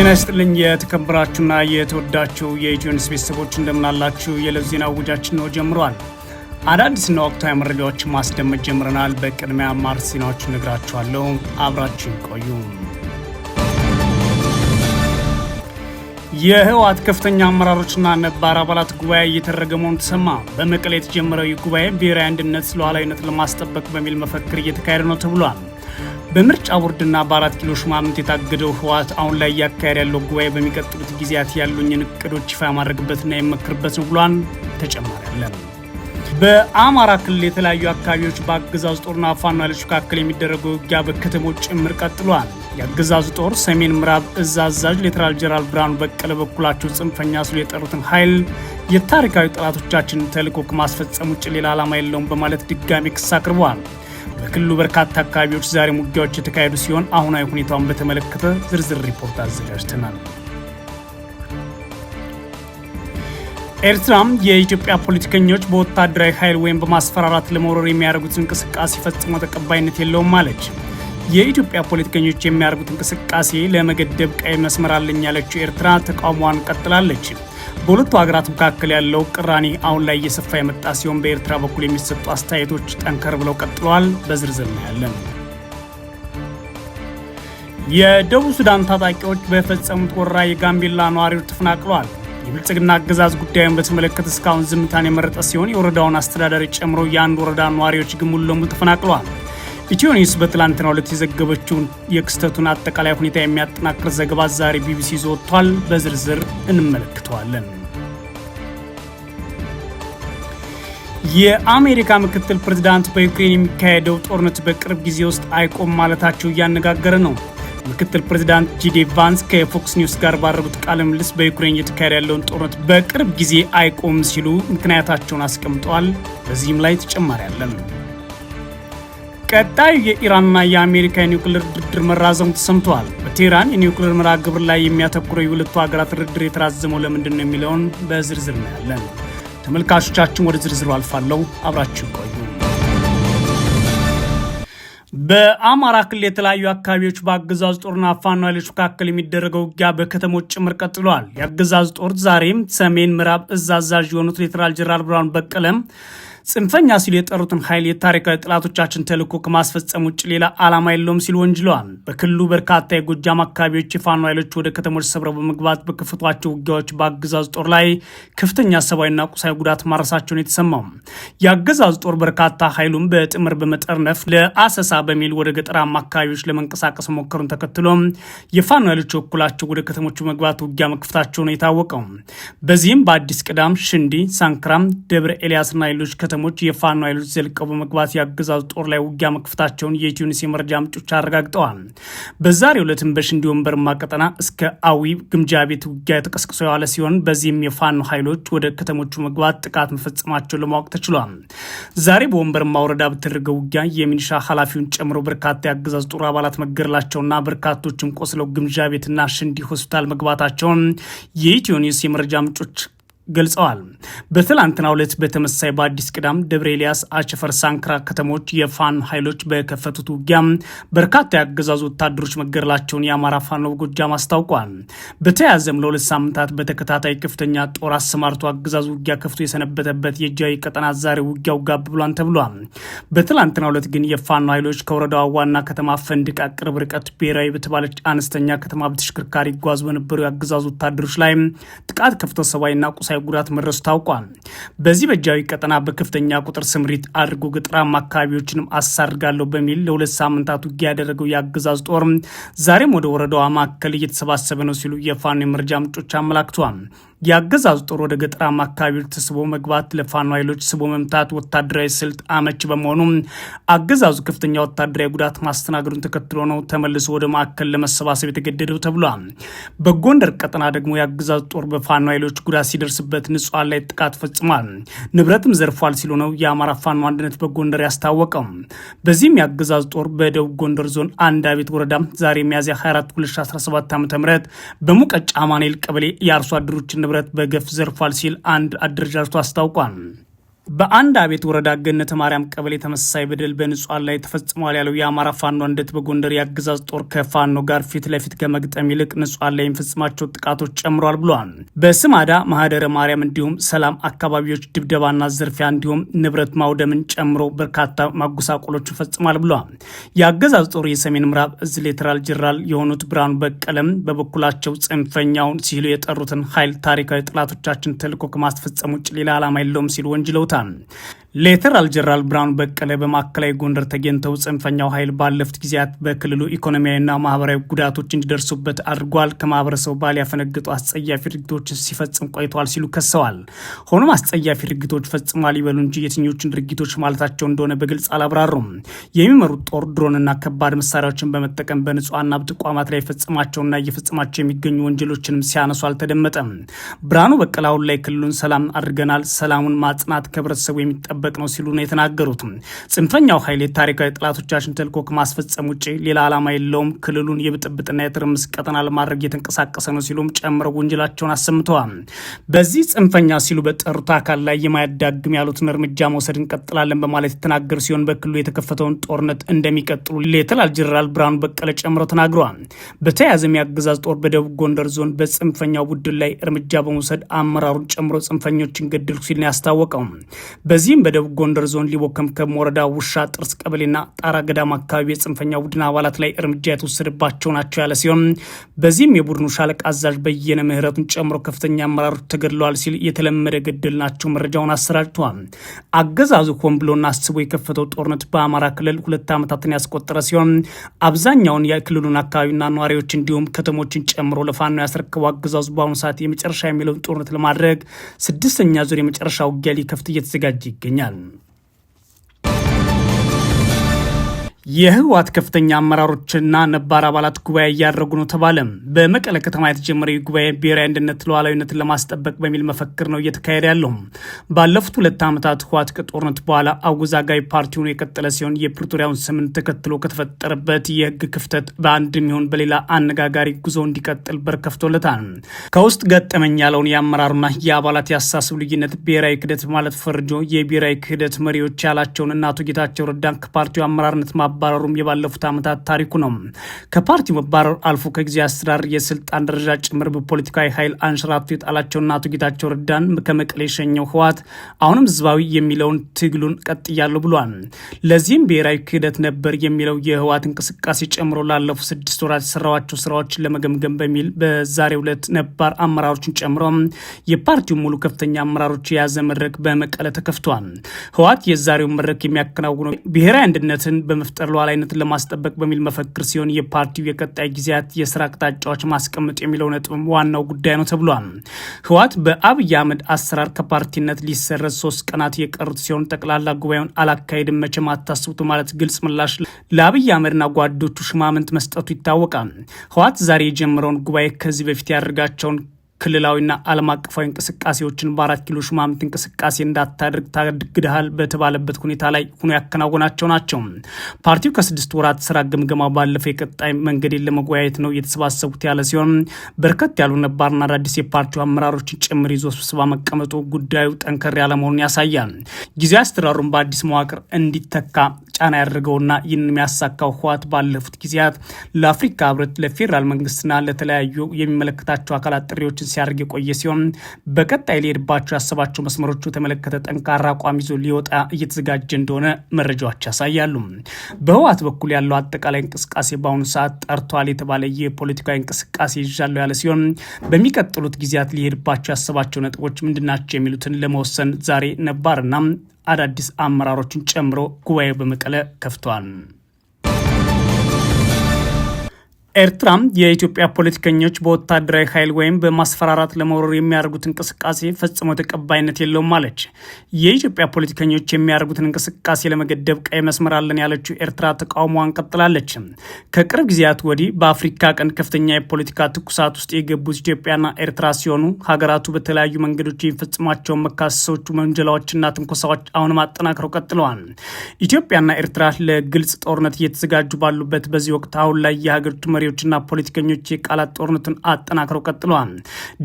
ጤና ይስጥልኝ የተከበራችሁና የተወዳችሁ የኢትዮ ቤተሰቦች እንደምናላችሁ። የዕለቱ ዜና ውጃችን ነው ጀምሯል። አዳዲስና ወቅታዊ መረጃዎችን ማስደመጥ ጀምረናል። በቅድሚያ ማርስ ዜናዎችን ነግራችኋለሁ። አብራችሁ ይቆዩ። የህወሓት ከፍተኛ አመራሮችና ነባር አባላት ጉባኤ እየተደረገ መሆኑ ተሰማ። በመቀሌ የተጀመረው ይህ ጉባኤ ብሔራዊ አንድነት ሉዓላዊነት ለማስጠበቅ በሚል መፈክር እየተካሄደ ነው ተብሏል። በምርጫ ቦርድና በአራት ኪሎ ሹማምንት የታገደው ህወሓት አሁን ላይ እያካሄድ ያለው ጉባኤ በሚቀጥሉት ጊዜያት ያሉኝን እቅዶች ይፋ ማድረግበትና የመክርበት ነው ብሏን ተጨማሪ አለን። በአማራ ክልል የተለያዩ አካባቢዎች በአገዛዙ ጦርና ፋኖ ኃይሎች መካከል የሚደረገው ውጊያ በከተሞች ጭምር ቀጥሏል። የአገዛዙ ጦር ሰሜን ምዕራብ እዝ አዛዥ ሌተናል ጄኔራል ብርሃኑ በቀለ በኩላቸው ጽንፈኛ ስሉ የጠሩትን ኃይል የታሪካዊ ጠላቶቻችን ተልዕኮ ከማስፈጸም ውጭ ሌላ ዓላማ የለውም በማለት ድጋሚ ክስ አቅርበዋል። በክልሉ በርካታ አካባቢዎች ዛሬም ውጊያዎች የተካሄዱ ሲሆን አሁናዊ ሁኔታውን በተመለከተ ዝርዝር ሪፖርት አዘጋጅተናል። ኤርትራም የኢትዮጵያ ፖለቲከኞች በወታደራዊ ኃይል ወይም በማስፈራራት ለመውረር የሚያደርጉት እንቅስቃሴ ፈጽሞ ተቀባይነት የለውም አለች። የኢትዮጵያ ፖለቲከኞች የሚያደርጉት እንቅስቃሴ ለመገደብ ቀይ መስመር አለኝ ያለችው ኤርትራ ተቃውሟን ቀጥላለች። በሁለቱ ሀገራት መካከል ያለው ቅራኔ አሁን ላይ እየሰፋ የመጣ ሲሆን በኤርትራ በኩል የሚሰጡ አስተያየቶች ጠንከር ብለው ቀጥለዋል። በዝርዝር እናያለን። የደቡብ ሱዳን ታጣቂዎች በፈጸሙት ወረራ የጋምቤላ ነዋሪዎች ተፈናቅለዋል። የብልጽግና አገዛዝ ጉዳዩን በተመለከተ እስካሁን ዝምታን የመረጠ ሲሆን የወረዳውን አስተዳዳሪ ጨምሮ የአንድ ወረዳ ነዋሪዎች ግን ሙሉ ለሙሉ ተፈናቅለዋል። ኢትዮ ኒውስ በትላንትናው ዕለት የዘገበችውን የክስተቱን አጠቃላይ ሁኔታ የሚያጠናክር ዘገባ ዛሬ ቢቢሲ ይዞ ወጥቷል። በዝርዝር እንመለከተዋለን። የአሜሪካ ምክትል ፕሬዝዳንት በዩክሬን የሚካሄደው ጦርነት በቅርብ ጊዜ ውስጥ አይቆም ማለታቸው እያነጋገረ ነው። ምክትል ፕሬዝዳንት ጂዲ ቫንስ ከፎክስ ኒውስ ጋር ባደረጉት ቃለ ምልልስ በዩክሬን እየተካሄደ ያለውን ጦርነት በቅርብ ጊዜ አይቆም ሲሉ ምክንያታቸውን አስቀምጠዋል። በዚህም ላይ ተጨማሪ አለን። ቀጣይ የኢራንና የአሜሪካ የኒውክሌር ድርድር መራዘሙ ተሰምተዋል። በቴህራን የኒውክሌር መርሃ ግብር ላይ የሚያተኩረው የሁለቱ ሀገራት ድርድር የተራዘመው ለምንድን ነው የሚለውን በዝርዝር እናያለን። ተመልካቾቻችን ወደ ዝርዝሩ አልፋለሁ፣ አብራችሁ ቆዩ። በአማራ ክልል የተለያዩ አካባቢዎች በአገዛዝ ጦርና ፋኖ ኃይሎች መካከል የሚደረገው ውጊያ በከተሞች ጭምር ቀጥሏል። የአገዛዝ ጦር ዛሬም ሰሜን ምዕራብ እዝ አዛዥ የሆኑት ሌተናል ጄኔራል ብርሃኑ በቀለም ጽንፈኛ ሲሉ የጠሩትን ኃይል የታሪካዊ ጠላቶቻችን ተልዕኮ ከማስፈጸም ውጭ ሌላ ዓላማ የለውም ሲሉ ወንጅለዋል። በክልሉ በርካታ የጎጃም አካባቢዎች የፋኖ ኃይሎች ወደ ከተሞች ሰብረው በመግባት በከፈቷቸው ውጊያዎች በአገዛዝ ጦር ላይ ከፍተኛ ሰብአዊና ቁሳዊ ጉዳት ማረሳቸውን የተሰማው የአገዛዝ ጦር በርካታ ኃይሉን በጥምር በመጠርነፍ ለአሰሳ በሚል ወደ ገጠራማ አካባቢዎች ለመንቀሳቀስ መሞከሩን ተከትሎም የፋኖ ኃይሎች በኩላቸው ወደ ከተሞቹ መግባት ውጊያ መክፈታቸው ነው የታወቀው። በዚህም በአዲስ ቅዳም፣ ሽንዲ፣ ሳንክራም፣ ደብረ ኤልያስና ሌሎች ከተሞች ከተሞች የፋኖ ኃይሎች ዘልቀው በመግባት የአገዛዙ ጦር ላይ ውጊያ መክፈታቸውን የኢትዮኒስ የመረጃ ምንጮች አረጋግጠዋል። በዛሬው ዕለትም በሽንዲ ወንበርማ ቀጠና እስከ አዊ ግምጃ ቤት ውጊያ ተቀስቅሶ የዋለ ሲሆን በዚህም የፋኖ ኃይሎች ወደ ከተሞቹ መግባት ጥቃት መፈጸማቸውን ለማወቅ ተችሏል። ዛሬ በወንበርማ ወረዳ በተደረገው ውጊያ የሚኒሻ ኃላፊውን ጨምሮ በርካታ የአገዛዝ ጦር አባላት መገደላቸውና በርካቶችም ቆስለው ግምጃ ቤትና ሽንዲ ሆስፒታል መግባታቸውን የኢትዮኒውስ የመረጃ ምንጮች ገልጸዋል። በትላንትና ዕለት በተመሳሳይ በአዲስ ቅዳም፣ ደብረ ኤልያስ፣ አቸፈር፣ ሳንክራ ከተሞች የፋኖ ኃይሎች በከፈቱት ውጊያ በርካታ የአገዛዙ ወታደሮች መገደላቸውን የአማራ ፋኖ ጎጃም አስታውቋል። በተያያዘም ለሁለት ሳምንታት በተከታታይ ከፍተኛ ጦር አሰማርቶ አገዛዙ ውጊያ ከፍቶ የሰነበተበት የጃዊ ቀጠና ዛሬ ውጊያው ጋብ ብሏን ተብሏል። በትላንትና ዕለት ግን የፋኖ ኃይሎች ከወረዳዋ ዋና ከተማ ፈንድቅ ቅርብ ርቀት ብሔራዊ በተባለች አነስተኛ ከተማ በተሽከርካሪ ይጓዙ በነበሩ የአገዛዙ ወታደሮች ላይ ጥቃት ከፍተው ሰብአዊና ቁሳዊ ጉዳት መድረሱ ታውቋል። በዚህ በጃዊ ቀጠና በከፍተኛ ቁጥር ስምሪት አድርጎ ገጠራማ አካባቢዎችንም አሳርጋለሁ በሚል ለሁለት ሳምንታት ውጊያ ያደረገው የአገዛዝ ጦር ዛሬም ወደ ወረዳዋ ማዕከል እየተሰባሰበ ነው ሲሉ የፋኖ የመረጃ ምንጮች አመላክተዋል። የአገዛዙ ጦር ወደ ገጠራማ አካባቢዎች ተስቦ መግባት ለፋኖ ኃይሎች ስቦ መምታት ወታደራዊ ስልት አመች በመሆኑ አገዛዙ ከፍተኛ ወታደራዊ ጉዳት ማስተናገዱን ተከትሎ ነው ተመልሶ ወደ ማዕከል ለመሰባሰብ የተገደደው ተብሏል። በጎንደር ቀጠና ደግሞ የአገዛዙ ጦር በፋኖ ኃይሎች ጉዳት ሲደርስ በደረሱበት ንጹሐን ላይ ጥቃት ፈጽሟል፣ ንብረትም ዘርፏል ሲሉ ነው የአማራ ፋኖ አንድነት በጎንደር ያስታወቀው። በዚህም የአገዛዝ ጦር በደቡብ ጎንደር ዞን አንድ አቤት ወረዳ ዛሬ ሚያዝያ 24 2017 ዓ ም በሙቀጫ አማኔል ቀበሌ የአርሶ አደሮችን ንብረት በገፍ ዘርፏል ሲል አንድ አደረጃጀቱ አስታውቋል። በአንድ አቤት ወረዳ ገነተ ማርያም ቀበሌ ተመሳሳይ በደል በንጹሐን ላይ ተፈጽሟል ያለው የአማራ ፋኖ አንድነት በጎንደር የአገዛዝ ጦር ከፋኖ ጋር ፊት ለፊት ከመግጠም ይልቅ ንጹሐን ላይ የሚፈጽማቸው ጥቃቶች ጨምሯል ብሏል። በስማዳ ማህደረ ማርያም እንዲሁም ሰላም አካባቢዎች ድብደባና ዝርፊያ እንዲሁም ንብረት ማውደምን ጨምሮ በርካታ ማጎሳቆሎች ፈጽሟል ብሏል። የአገዛዝ ጦር የሰሜን ምዕራብ እዝ ሌተናል ጄኔራል የሆኑት ብርሃኑ በቀለም በበኩላቸው ጽንፈኛውን ሲሉ የጠሩትን ኃይል ታሪካዊ ጠላቶቻችን ተልኮ ከማስፈጸም ውጭ ሌላ ዓላማ የለውም ሲሉ ወንጅለውታል። ይነሳል። ሌተናል ጀነራል ብርሃኑ በቀለ በማዕከላዊ ጎንደር ተገኝተው ጽንፈኛው ኃይል ባለፉት ጊዜያት በክልሉ ኢኮኖሚያዊና ማህበራዊ ጉዳቶች እንዲደርሱበት አድርጓል፣ ከማህበረሰቡ ባል ያፈነገጡ አስጸያፊ ድርጊቶች ሲፈጽም ቆይተዋል ሲሉ ከሰዋል። ሆኖም አስጸያፊ ድርጊቶች ፈጽሟል ይበሉ እንጂ የትኞቹን ድርጊቶች ማለታቸው እንደሆነ በግልጽ አላብራሩም። የሚመሩት ጦር ድሮንና ከባድ መሳሪያዎችን በመጠቀም በንጹሐና ተቋማት ላይ የፈጽማቸውና እየፈጽማቸው የሚገኙ ወንጀሎችንም ሲያነሱ አልተደመጠም። ብርሃኑ በቀለ አሁን ላይ ክልሉን ሰላም አድርገናል፣ ሰላሙን ማጽናት ከህብረተሰቡ የሚጠ እየጠበቅ ነው ሲሉ ነው የተናገሩት። ጽንፈኛው ኃይል ታሪካዊ ጠላቶቻችን ተልዕኮ ከማስፈጸም ውጭ ሌላ ዓላማ የለውም፣ ክልሉን የብጥብጥና የትርምስ ቀጠና ለማድረግ እየተንቀሳቀሰ ነው ሲሉም ጨምረው ውንጀላቸውን አሰምተዋል። በዚህ ጽንፈኛ ሲሉ በጠሩት አካል ላይ የማያዳግም ያሉትን እርምጃ መውሰድ እንቀጥላለን በማለት የተናገሩ ሲሆን በክልሉ የተከፈተውን ጦርነት እንደሚቀጥሉ ሌተናል ጄኔራል ብርሃኑ በቀለ ጨምረው ተናግረዋል። በተያያዘም የአገዛዝ ጦር በደቡብ ጎንደር ዞን በጽንፈኛው ቡድን ላይ እርምጃ በመውሰድ አመራሩን ጨምሮ ጽንፈኞችን ገደልኩ ሲል ነው ያስታወቀው። በዚህም በደቡብ ጎንደር ዞን ሊቦ ከምከም ወረዳ ውሻ ጥርስ ቀበሌና ጣራ ገዳም አካባቢ የጽንፈኛ ቡድን አባላት ላይ እርምጃ የተወሰደባቸው ናቸው ያለ ሲሆን በዚህም የቡድኑ ሻለቃ አዛዥ በየነ ምህረቱን ጨምሮ ከፍተኛ አመራሮች ተገድለዋል ሲል የተለመደ ገድል ናቸው መረጃውን አሰራጭተዋል። አገዛዙ ሆን ብሎና አስቦ የከፈተው ጦርነት በአማራ ክልል ሁለት ዓመታትን ያስቆጠረ ሲሆን አብዛኛውን የክልሉን አካባቢና ነዋሪዎች እንዲሁም ከተሞችን ጨምሮ ለፋኖ ያስረከበው አገዛዙ በአሁኑ ሰዓት የመጨረሻ የሚለውን ጦርነት ለማድረግ ስድስተኛ ዙር የመጨረሻ ውጊያ ሊከፍት እየተዘጋጀ ይገኛል። 人。የህወሓት ከፍተኛ አመራሮችና ነባር አባላት ጉባኤ እያደረጉ ነው ተባለ። በመቀለ ከተማ የተጀመረው ጉባኤ ብሔራዊ አንድነት ሉዓላዊነትን ለማስጠበቅ በሚል መፈክር ነው እየተካሄደ ያለው። ባለፉት ሁለት ዓመታት ህወሓት ከጦርነት በኋላ አወዛጋቢ ፓርቲ ሆኖ የቀጠለ ሲሆን የፕሪቶሪያውን ስምን ተከትሎ ከተፈጠረበት የህግ ክፍተት በአንድ የሚሆን በሌላ አነጋጋሪ ጉዞ እንዲቀጥል በር ከፍቶለታል። ከውስጥ ገጠመኝ ያለውን የአመራሩና የአባላት ያሳስብ ልዩነት ብሔራዊ ክህደት በማለት ፈርጆ የብሔራዊ ክህደት መሪዎች ያላቸውን እና አቶ ጌታቸው ረዳን ከፓርቲው አመራርነት ማ ማባረሩም የባለፉት ዓመታት ታሪኩ ነው። ከፓርቲው መባረር አልፎ ከጊዜ አሰራር የስልጣን ደረጃ ጭምር በፖለቲካዊ ኃይል አንሸራቶ የጣላቸውና አቶ ጌታቸው ረዳን ከመቀሌ የሸኘው ህወሓት አሁንም ህዝባዊ የሚለውን ትግሉን ቀጥያለሁ ብሏል። ለዚህም ብሔራዊ ክህደት ነበር የሚለው የህወሓት እንቅስቃሴ ጨምሮ ላለፉት ስድስት ወራት የሰራዋቸው ስራዎችን ለመገምገም በሚል በዛሬው ዕለት ነባር አመራሮችን ጨምሮ የፓርቲው ሙሉ ከፍተኛ አመራሮች የያዘ መድረክ በመቀለ ተከፍቷል። ህወሓት የዛሬውን መድረክ የሚያከናውነው ብሔራዊ አንድነትን በመፍጠር የሀገር ሉዓላዊነትን ለማስጠበቅ በሚል መፈክር ሲሆን የፓርቲው የቀጣይ ጊዜያት የስራ አቅጣጫዎች ማስቀመጥ የሚለው ነጥብም ዋናው ጉዳይ ነው ተብሏል። ህወሓት በአብይ አህመድ አሰራር ከፓርቲነት ሊሰረዝ ሶስት ቀናት የቀሩት ሲሆን ጠቅላላ ጉባኤውን አላካሄድም መቼም አታስቡት ማለት ግልጽ ምላሽ ለአብይ አህመድና ጓዶቹ ሽማምንት መስጠቱ ይታወቃል። ህወሓት ዛሬ የጀመረውን ጉባኤ ከዚህ በፊት ያደርጋቸውን ክልላዊና ዓለም አቀፋዊ እንቅስቃሴዎችን በአራት ኪሎ ሹማምንት እንቅስቃሴ እንዳታደርግ ታግድሃል በተባለበት ሁኔታ ላይ ሆኖ ያከናወናቸው ናቸው። ፓርቲው ከስድስት ወራት ስራ ግምገማ ባለፈ የቀጣይ መንገዴን ለመወያየት ነው የተሰባሰቡት ያለ ሲሆን በርከት ያሉ ነባርና አዳዲስ የፓርቲው አመራሮችን ጭምር ይዞ ስብሰባ መቀመጡ ጉዳዩ ጠንከር ያለመሆኑን ያሳያል። ጊዜያዊ አስተዳደሩን በአዲስ መዋቅር እንዲተካ ጫና ያደርገውና ይህንን የሚያሳካው ህወሓት ባለፉት ጊዜያት ለአፍሪካ ህብረት፣ ለፌዴራል መንግስትና ለተለያዩ የሚመለከታቸው አካላት ጥሪዎችን ሲያደርግ የቆየ ሲሆን በቀጣይ ሊሄድባቸው ያሰባቸው መስመሮቹ የተመለከተ ጠንካራ አቋም ይዞ ሊወጣ እየተዘጋጀ እንደሆነ መረጃዎች ያሳያሉ። በህወሓት በኩል ያለው አጠቃላይ እንቅስቃሴ በአሁኑ ሰዓት ጠርቷል የተባለ የፖለቲካዊ እንቅስቃሴ ይዣለሁ ያለ ሲሆን በሚቀጥሉት ጊዜያት ሊሄድባቸው ያሰባቸው ነጥቦች ምንድናቸው የሚሉትን ለመወሰን ዛሬ ነባርና አዳዲስ አመራሮችን ጨምሮ ጉባኤ በመቀለ ከፍቷል። ኤርትራም የኢትዮጵያ ፖለቲከኞች በወታደራዊ ኃይል ወይም በማስፈራራት ለመውረር የሚያደርጉት እንቅስቃሴ ፈጽሞ ተቀባይነት የለውም አለች። የኢትዮጵያ ፖለቲከኞች የሚያደርጉትን እንቅስቃሴ ለመገደብ ቀይ መስመር አለን ያለችው ኤርትራ ተቃውሞዋን ቀጥላለች። ከቅርብ ጊዜያት ወዲህ በአፍሪካ ቀንድ ከፍተኛ የፖለቲካ ትኩሳት ውስጥ የገቡት ኢትዮጵያና ኤርትራ ሲሆኑ ሀገራቱ በተለያዩ መንገዶች የሚፈጽሟቸውን መካሰሶች፣ ወንጀላዎችና ትንኮሳዎች አሁንም አጠናክረው ቀጥለዋል። ኢትዮጵያና ኤርትራ ለግልጽ ጦርነት እየተዘጋጁ ባሉበት በዚህ ወቅት አሁን ላይ የሀገሪቱ መሪዎችና ፖለቲከኞች የቃላት ጦርነቱን አጠናክረው ቀጥለዋል።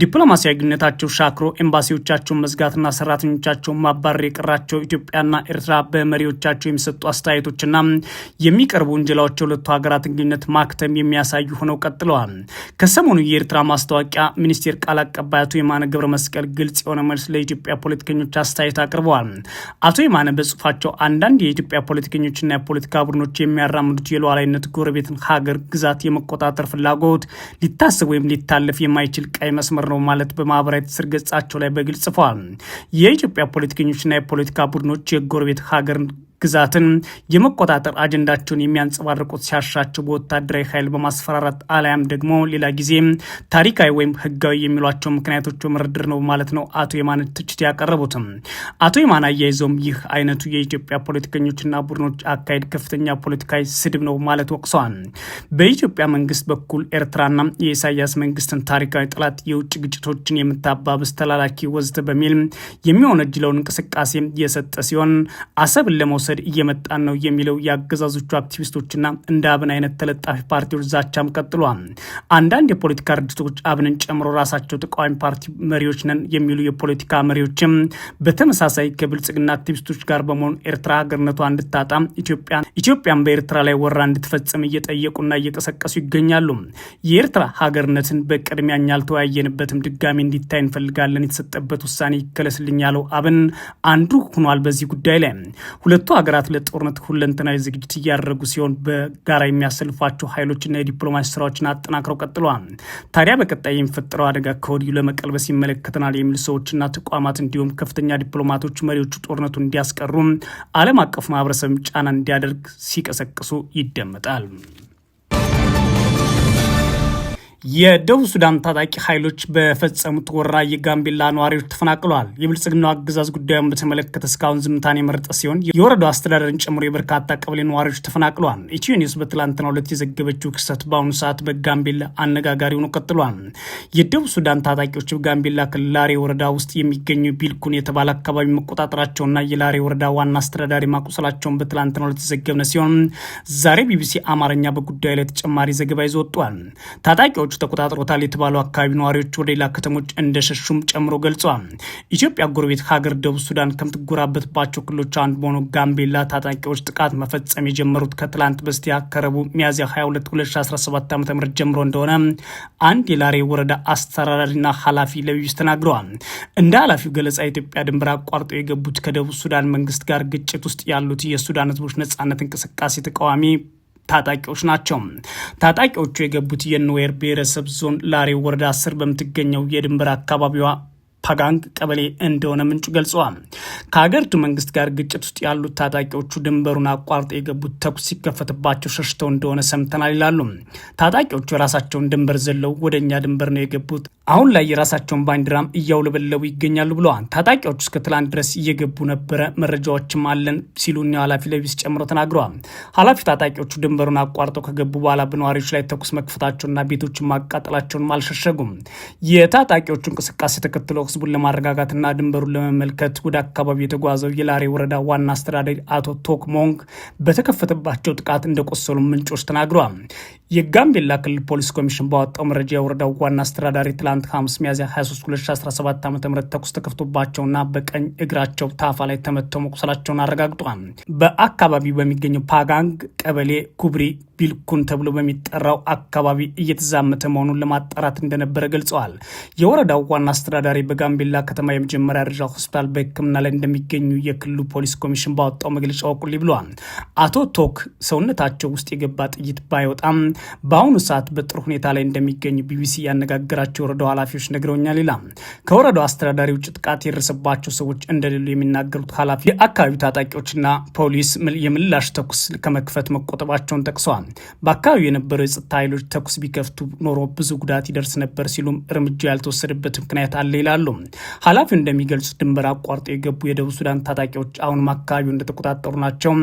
ዲፕሎማሲያዊ ግንኙነታቸው ሻክሮ ኤምባሲዎቻቸውን መዝጋትና ሰራተኞቻቸውን ማባረር የቀራቸው ኢትዮጵያና ኤርትራ በመሪዎቻቸው የሚሰጡ አስተያየቶችና የሚቀርቡ ውንጀላዎች የሁለቱ ሀገራት ግንኙነት ማክተም የሚያሳዩ ሆነው ቀጥለዋል። ከሰሞኑ የኤርትራ ማስታወቂያ ሚኒስቴር ቃል አቀባይ አቶ የማነ ገብረ መስቀል ግልጽ የሆነ መልስ ለኢትዮጵያ ፖለቲከኞች አስተያየት አቅርበዋል። አቶ የማነ በጽሁፋቸው አንዳንድ የኢትዮጵያ ፖለቲከኞችና የፖለቲካ ቡድኖች የሚያራምዱት የሉዓላዊነት ጎረቤትን ሀገር ግዛት የመ የመቆጣጠር ፍላጎት ሊታሰብ ወይም ሊታለፍ የማይችል ቀይ መስመር ነው ማለት በማህበራዊ ትስስር ገጻቸው ላይ በግልጽ ጽፏል። የኢትዮጵያ ፖለቲከኞችና የፖለቲካ ቡድኖች የጎረቤት ሀገር ግዛትን የመቆጣጠር አጀንዳቸውን የሚያንጸባርቁት ሲያሻቸው በወታደራዊ ኃይል በማስፈራራት አላያም ደግሞ ሌላ ጊዜ ታሪካዊ ወይም ህጋዊ የሚሏቸው ምክንያቶች በመረድር ነው ማለት ነው አቶ የማነ ትችት ያቀረቡትም። አቶ የማነ አያይዘውም ይህ አይነቱ የኢትዮጵያ ፖለቲከኞችና ቡድኖች አካሄድ ከፍተኛ ፖለቲካዊ ስድብ ነው ማለት ወቅሰዋል። በኢትዮጵያ መንግስት በኩል ኤርትራና የኢሳያስ መንግስትን ታሪካዊ ጠላት፣ የውጭ ግጭቶችን የምታባብስ ተላላኪ ወዘተ በሚል የሚወነጅለውን እንቅስቃሴ የሰጠ ሲሆን አሰብን ለመውሰድ ለመውሰድ እየመጣን ነው የሚለው የአገዛዞቹ አክቲቪስቶችና እንደ አብን አይነት ተለጣፊ ፓርቲዎች ዛቻም ቀጥሏል። አንዳንድ የፖለቲካ ድርጅቶች አብንን ጨምሮ ራሳቸው ተቃዋሚ ፓርቲ መሪዎች ነን የሚሉ የፖለቲካ መሪዎችም በተመሳሳይ ከብልጽግና አክቲቪስቶች ጋር በመሆን ኤርትራ ሀገርነቷ እንድታጣ ኢትዮጵያን በኤርትራ ላይ ወራ እንድትፈጽም እየጠየቁና እየቀሰቀሱ ይገኛሉ። የኤርትራ ሀገርነትን በቅድሚያ እኛ አልተወያየንበትም፣ ድጋሚ እንዲታይ እንፈልጋለን፣ የተሰጠበት ውሳኔ ይከለስልኝ ያለው አብን አንዱ ሆኗል። በዚህ ጉዳይ ላይ ሁለቱ ሀገራት ለጦርነት ሁለንተናዊ ዝግጅት እያደረጉ ሲሆን በጋራ የሚያሰልፏቸው ኃይሎችና የዲፕሎማሲ ስራዎችን አጠናክረው ቀጥለዋል። ታዲያ በቀጣይ የሚፈጠረው አደጋ ከወዲሁ ለመቀልበስ ይመለከተናል የሚሉ ሰዎችና ተቋማት እንዲሁም ከፍተኛ ዲፕሎማቶች መሪዎቹ ጦርነቱን እንዲያስቀሩ ዓለም አቀፍ ማህበረሰብ ጫና እንዲያደርግ ሲቀሰቅሱ ይደመጣል። የደቡብ ሱዳን ታጣቂ ኃይሎች በፈጸሙት ወረራ የጋምቤላ ነዋሪዎች ተፈናቅለዋል። የብልጽግናው አገዛዝ ጉዳዩን በተመለከተ እስካሁን ዝምታን የመረጠ ሲሆን የወረዳው አስተዳደርን ጨምሮ የበርካታ ቀበሌ ነዋሪዎች ተፈናቅለዋል። ኢትዮ ኒውስ በትላንትናው ዕለት የዘገበችው ክስተት በአሁኑ ሰዓት በጋምቤላ አነጋጋሪ ሆኖ ቀጥሏል። የደቡብ ሱዳን ታጣቂዎች በጋምቤላ ክልል ላሬ ወረዳ ውስጥ የሚገኙ ቢልኩን የተባለ አካባቢ መቆጣጠራቸውና የላሬ ወረዳ ዋና አስተዳዳሪ ማቁሰላቸውን በትላንትናው ዕለት የዘገብነ ሲሆን ዛሬ ቢቢሲ አማርኛ በጉዳዩ ላይ ተጨማሪ ዘገባ ይዞ ወጥቷል። ኃይሎች ተቆጣጥሮታል የተባሉ አካባቢ ነዋሪዎች ወደ ሌላ ከተሞች እንደሸሹም ጨምሮ ገልጿል። ኢትዮጵያ ጎረቤት ሀገር ደቡብ ሱዳን ከምትጎራበትባቸው ክልሎች አንዱ በሆነ ጋምቤላ ታጣቂዎች ጥቃት መፈጸም የጀመሩት ከትላንት በስቲያ ከረቡዕ ሚያዝያ 22 2017 ዓ ም ጀምሮ እንደሆነ አንድ የላሬ ወረዳ አስተዳዳሪና ኃላፊ ለቢቢስ ተናግረዋል። እንደ ኃላፊው ገለጻ የኢትዮጵያ ድንበር አቋርጠው የገቡት ከደቡብ ሱዳን መንግስት ጋር ግጭት ውስጥ ያሉት የሱዳን ህዝቦች ነጻነት እንቅስቃሴ ተቃዋሚ ታጣቂዎች ናቸው። ታጣቂዎቹ የገቡት የኖዌር ብሔረሰብ ዞን ላሬ ወረዳ ስር በምትገኘው የድንበር አካባቢዋ ፓጋንግ ቀበሌ እንደሆነ ምንጩ ገልጸዋል። ከሀገሪቱ መንግስት ጋር ግጭት ውስጥ ያሉት ታጣቂዎቹ ድንበሩን አቋርጠው የገቡት ተኩስ ሲከፈትባቸው ሸሽተው እንደሆነ ሰምተናል ይላሉ። ታጣቂዎቹ የራሳቸውን ድንበር ዘለው ወደ እኛ ድንበር ነው የገቡት። አሁን ላይ የራሳቸውን ባንዲራም እያውለበለቡ ይገኛሉ ብለዋል። ታጣቂዎቹ እስከ ትላንት ድረስ እየገቡ ነበረ፣ መረጃዎችም አለን ሲሉ ኃላፊ ለቢስ ጨምሮ ተናግረዋል። ኃላፊ ታጣቂዎቹ ድንበሩን አቋርጠው ከገቡ በኋላ በነዋሪዎች ላይ ተኩስ መክፈታቸውና ቤቶችን ማቃጠላቸውንም አልሸሸጉም። የታጣቂዎቹ እንቅስቃሴ ተከትሎ ህዝቡን ለማረጋጋትና ድንበሩን ለመመልከት ወደ አካባቢ የተጓዘው የላሬ ወረዳ ዋና አስተዳዳሪ አቶ ቶክሞንግ በተከፈተባቸው ጥቃት እንደቆሰሉ ምንጮች ተናግረዋል። የጋምቤላ ክልል ፖሊስ ኮሚሽን ባወጣው መረጃ የወረዳው ዋና አስተዳዳሪ ትላንት ሐሙስ ሚያዝያ 23 2017 ዓ ም ተኩስ ተከፍቶባቸውና በቀኝ እግራቸው ታፋ ላይ ተመተው መቁሰላቸውን አረጋግጧል። በአካባቢው በሚገኘው ፓጋንግ ቀበሌ ኩብሪ ቢልኩን ተብሎ በሚጠራው አካባቢ እየተዛመተ መሆኑን ለማጣራት እንደነበረ ገልጸዋል። የወረዳው ዋና አስተዳዳሪ በጋምቤላ ከተማ የመጀመሪያ ደረጃ ሆስፒታል በሕክምና ላይ እንደሚገኙ የክልሉ ፖሊስ ኮሚሽን ባወጣው መግለጫ ወቁልኝ ብሏል። አቶ ቶክ ሰውነታቸው ውስጥ የገባ ጥይት ባይወጣም በአሁኑ ሰዓት በጥሩ ሁኔታ ላይ እንደሚገኙ ቢቢሲ ያነጋገራቸው የወረዳው ኃላፊዎች ነግረውኛል ይላል። ከወረዳው አስተዳዳሪ ውጭ ጥቃት የደረሰባቸው ሰዎች እንደሌሉ የሚናገሩት ኃላፊ የአካባቢው ታጣቂዎችና ፖሊስ የምላሽ ተኩስ ከመክፈት መቆጠባቸውን ጠቅሰዋል። በአካባቢው የነበሩ የጸጥታ ኃይሎች ተኩስ ቢከፍቱ ኖሮ ብዙ ጉዳት ይደርስ ነበር ሲሉም እርምጃው ያልተወሰደበት ምክንያት አለ ይላሉ። ኃላፊው እንደሚገልጹት ድንበር አቋርጦ የገቡ የደቡብ ሱዳን ታጣቂዎች አሁንም አካባቢው እንደተቆጣጠሩ ናቸው።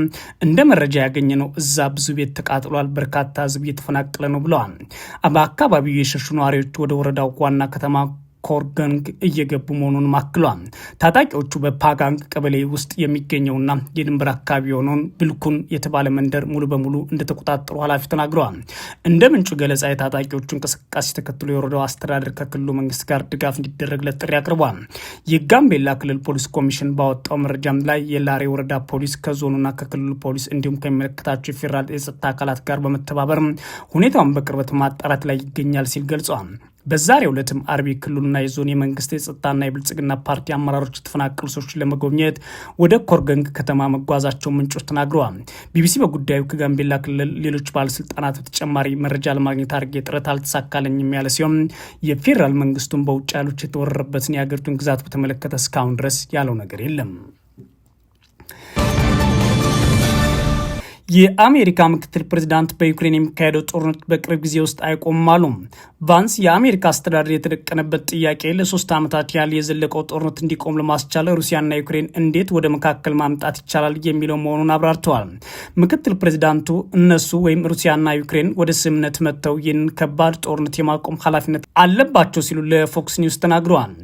እንደ መረጃ ያገኘ ነው እዛ ብዙ ቤት ተቃጥሏል፣ በርካታ ህዝብ እየተፈናቀለ ነው ብለዋል። በአካባቢው የሸሹ ነዋሪዎች ወደ ወረዳው ዋና ከተማ ኮርገንግ እየገቡ መሆኑን ማክሏል። ታጣቂዎቹ በፓጋንግ ቀበሌ ውስጥ የሚገኘውና የድንበር አካባቢ የሆነውን ብልኩን የተባለ መንደር ሙሉ በሙሉ እንደተቆጣጠሩ ኃላፊ ተናግረዋል። እንደ ምንጩ ገለጻ የታጣቂዎቹ እንቅስቃሴ ተከትሎ የወረዳው አስተዳደር ከክልሉ መንግስት ጋር ድጋፍ እንዲደረግለት ጥሪ አቅርቧል። የጋምቤላ ክልል ፖሊስ ኮሚሽን ባወጣው መረጃም ላይ የላሬ ወረዳ ፖሊስ ከዞኑና ከክልሉ ፖሊስ እንዲሁም ከሚመለከታቸው የፌዴራል የጸጥታ አካላት ጋር በመተባበር ሁኔታውን በቅርበት ማጣራት ላይ ይገኛል ሲል ገልጿል። በዛሬ ዕለትም አርቢ ክልሉና የዞን የመንግስት የጸጥታና የብልጽግና ፓርቲ አመራሮች የተፈናቀሉ ሰዎችን ለመጎብኘት ወደ ኮርገንግ ከተማ መጓዛቸው ምንጮች ተናግረዋል። ቢቢሲ በጉዳዩ ከጋምቤላ ክልል ሌሎች ባለስልጣናት በተጨማሪ መረጃ ለማግኘት አድርጌ ጥረት አልተሳካለኝም ያለ ሲሆን የፌዴራል መንግስቱን በውጭ ኃይሎች የተወረረበትን የአገሪቱን ግዛት በተመለከተ እስካሁን ድረስ ያለው ነገር የለም። የአሜሪካ ምክትል ፕሬዚዳንት በዩክሬን የሚካሄደው ጦርነት በቅርብ ጊዜ ውስጥ አይቆምም አሉ። ቫንስ የአሜሪካ አስተዳደር የተደቀነበት ጥያቄ ለሶስት ዓመታት ያህል የዘለቀው ጦርነት እንዲቆም ለማስቻል ሩሲያና ዩክሬን እንዴት ወደ መካከል ማምጣት ይቻላል የሚለው መሆኑን አብራርተዋል። ምክትል ፕሬዚዳንቱ እነሱ ወይም ሩሲያና ዩክሬን ወደ ስምምነት መጥተው ይህንን ከባድ ጦርነት የማቆም ኃላፊነት አለባቸው ሲሉ ለፎክስ ኒውስ ተናግረዋል።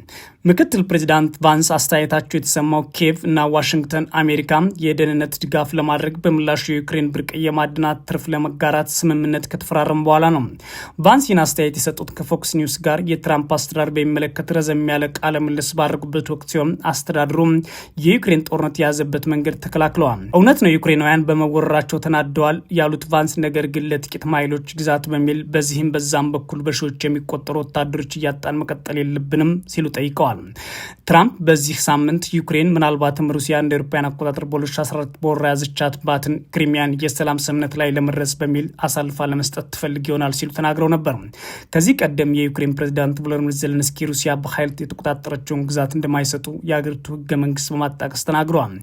ምክትል ፕሬዚዳንት ቫንስ አስተያየታቸው የተሰማው ኬቭ እና ዋሽንግተን አሜሪካ የደህንነት ድጋፍ ለማድረግ በምላሹ የዩክሬን ብርቅ የማዕድናት ትርፍ ለመጋራት ስምምነት ከተፈራረሙ በኋላ ነው። ቫንስ ይህን አስተያየት የሰጡት ከፎክስ ኒውስ ጋር የትራምፕ አስተዳደር በሚመለከት ረዘም ያለ ቃለ ምልልስ ባደረጉበት ወቅት ሲሆን አስተዳድሩ የዩክሬን ጦርነት የያዘበት መንገድ ተከላክለዋል። እውነት ነው ዩክሬናውያን በመወረራቸው ተናደዋል ያሉት ቫንስ፣ ነገር ግን ለጥቂት ማይሎች ግዛት በሚል በዚህም በዛም በኩል በሺዎች የሚቆጠሩ ወታደሮች እያጣን መቀጠል የለብንም ሲሉ ጠይቀዋል። ተናግረዋል። ትራምፕ በዚህ ሳምንት ዩክሬን ምናልባትም ሩሲያ እንደ ኤሮፓያን አቆጣጠር በ2014 በወራ ያዘቻት ባትን ክሪሚያን የሰላም ስምምነት ላይ ለመድረስ በሚል አሳልፋ ለመስጠት ትፈልግ ይሆናል ሲሉ ተናግረው ነበር። ከዚህ ቀደም የዩክሬን ፕሬዚዳንት ቮሎዲሚር ዜሌንስኪ ሩሲያ በኃይል የተቆጣጠረችውን ግዛት እንደማይሰጡ የአገሪቱ ህገ መንግስት በማጣቀስ ተናግረዋል።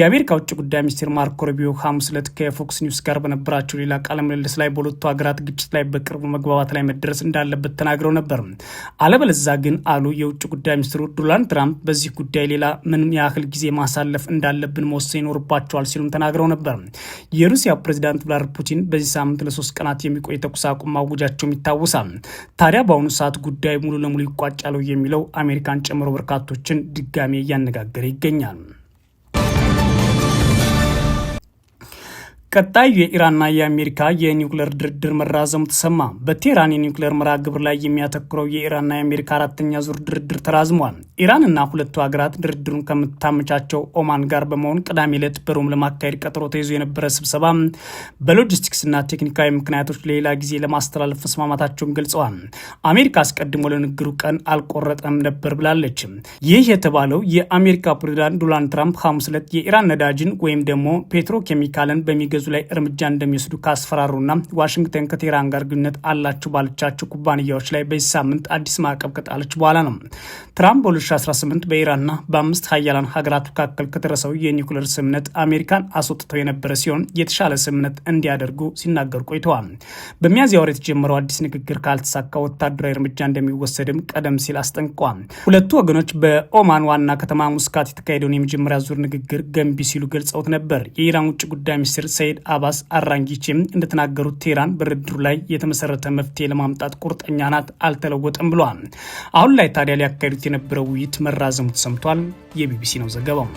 የአሜሪካ ውጭ ጉዳይ ሚኒስትር ማርኮ ሩቢዮ ሐሙስ ዕለት ከፎክስ ኒውስ ጋር በነበራቸው ሌላ ቃለ ምልልስ ላይ በሁለቱ ሀገራት ግጭት ላይ በቅርቡ መግባባት ላይ መድረስ እንዳለበት ተናግረው ነበር። አለበለዛ ግን አሉ የውጭ ጉዳይ ሚኒስትሩ ሚኒስትሩ ዶናልድ ትራምፕ በዚህ ጉዳይ ሌላ ምንም ያህል ጊዜ ማሳለፍ እንዳለብን መወሰን ይኖርባቸዋል ሲሉም ተናግረው ነበር። የሩሲያ ፕሬዚዳንት ቭላድሚር ፑቲን በዚህ ሳምንት ለሶስት ቀናት የሚቆይ ተኩስ አቁም ማወጃቸውም ይታወሳል። ታዲያ በአሁኑ ሰዓት ጉዳይ ሙሉ ለሙሉ ይቋጫለው የሚለው አሜሪካን ጨምሮ በርካቶችን ድጋሜ እያነጋገረ ይገኛል። ቀጣይ የኢራንና የአሜሪካ የኒውክሌር ድርድር መራዘሙ ተሰማ። በቴህራን የኒውክሌር መርሃ ግብር ላይ የሚያተኩረው የኢራንና የአሜሪካ አራተኛ ዙር ድርድር ተራዝሟል። ኢራንና ሁለቱ ሀገራት ድርድሩን ከምታመቻቸው ኦማን ጋር በመሆን ቅዳሜ ዕለት በሮም ለማካሄድ ቀጠሮ ተይዞ የነበረ ስብሰባ በሎጂስቲክስና ቴክኒካዊ ምክንያቶች ለሌላ ጊዜ ለማስተላለፍ መስማማታቸውን ገልጸዋል። አሜሪካ አስቀድሞ ለንግግሩ ቀን አልቆረጠም ነበር ብላለች። ይህ የተባለው የአሜሪካ ፕሬዚዳንት ዶናልድ ትራምፕ ሐሙስ ዕለት የኢራን ነዳጅን ወይም ደግሞ ፔትሮኬሚካልን በሚገ በመዘዙ ላይ እርምጃ እንደሚወስዱ ካስፈራሩና ዋሽንግተን ከቴህራን ጋር ግንኙነት አላቸው ባለቻቸው ኩባንያዎች ላይ በዚህ ሳምንት አዲስ ማዕቀብ ከጣለች በኋላ ነው። ትራምፕ በ2018 በኢራንና በአምስት ሀያላን ሀገራት መካከል ከደረሰው የኒውክሌር ስምምነት አሜሪካን አስወጥተው የነበረ ሲሆን የተሻለ ስምምነት እንዲያደርጉ ሲናገሩ ቆይተዋል። በሚያዝያ ወር የተጀመረው አዲስ ንግግር ካልተሳካ ወታደራዊ እርምጃ እንደሚወሰድም ቀደም ሲል አስጠንቅቋል። ሁለቱ ወገኖች በኦማን ዋና ከተማ ሙስካት የተካሄደውን የመጀመሪያ ዙር ንግግር ገንቢ ሲሉ ገልጸውት ነበር። የኢራን ውጭ ጉዳይ ሚኒስትር ሰይድ አባስ አራንጊቼም እንደተናገሩት ቴህራን በድርድሩ ላይ የተመሰረተ መፍትሄ ለማምጣት ቁርጠኛ ናት፣ አልተለወጠም ብሏል። አሁን ላይ ታዲያ ሊያካሂዱት የነበረው ውይይት መራዘሙ ተሰምቷል። የቢቢሲ ነው ዘገባው።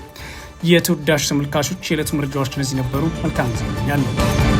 የተወዳሽ ተመልካቾች የዕለቱ መረጃዎች እነዚህ ነበሩ። መልካም ነው።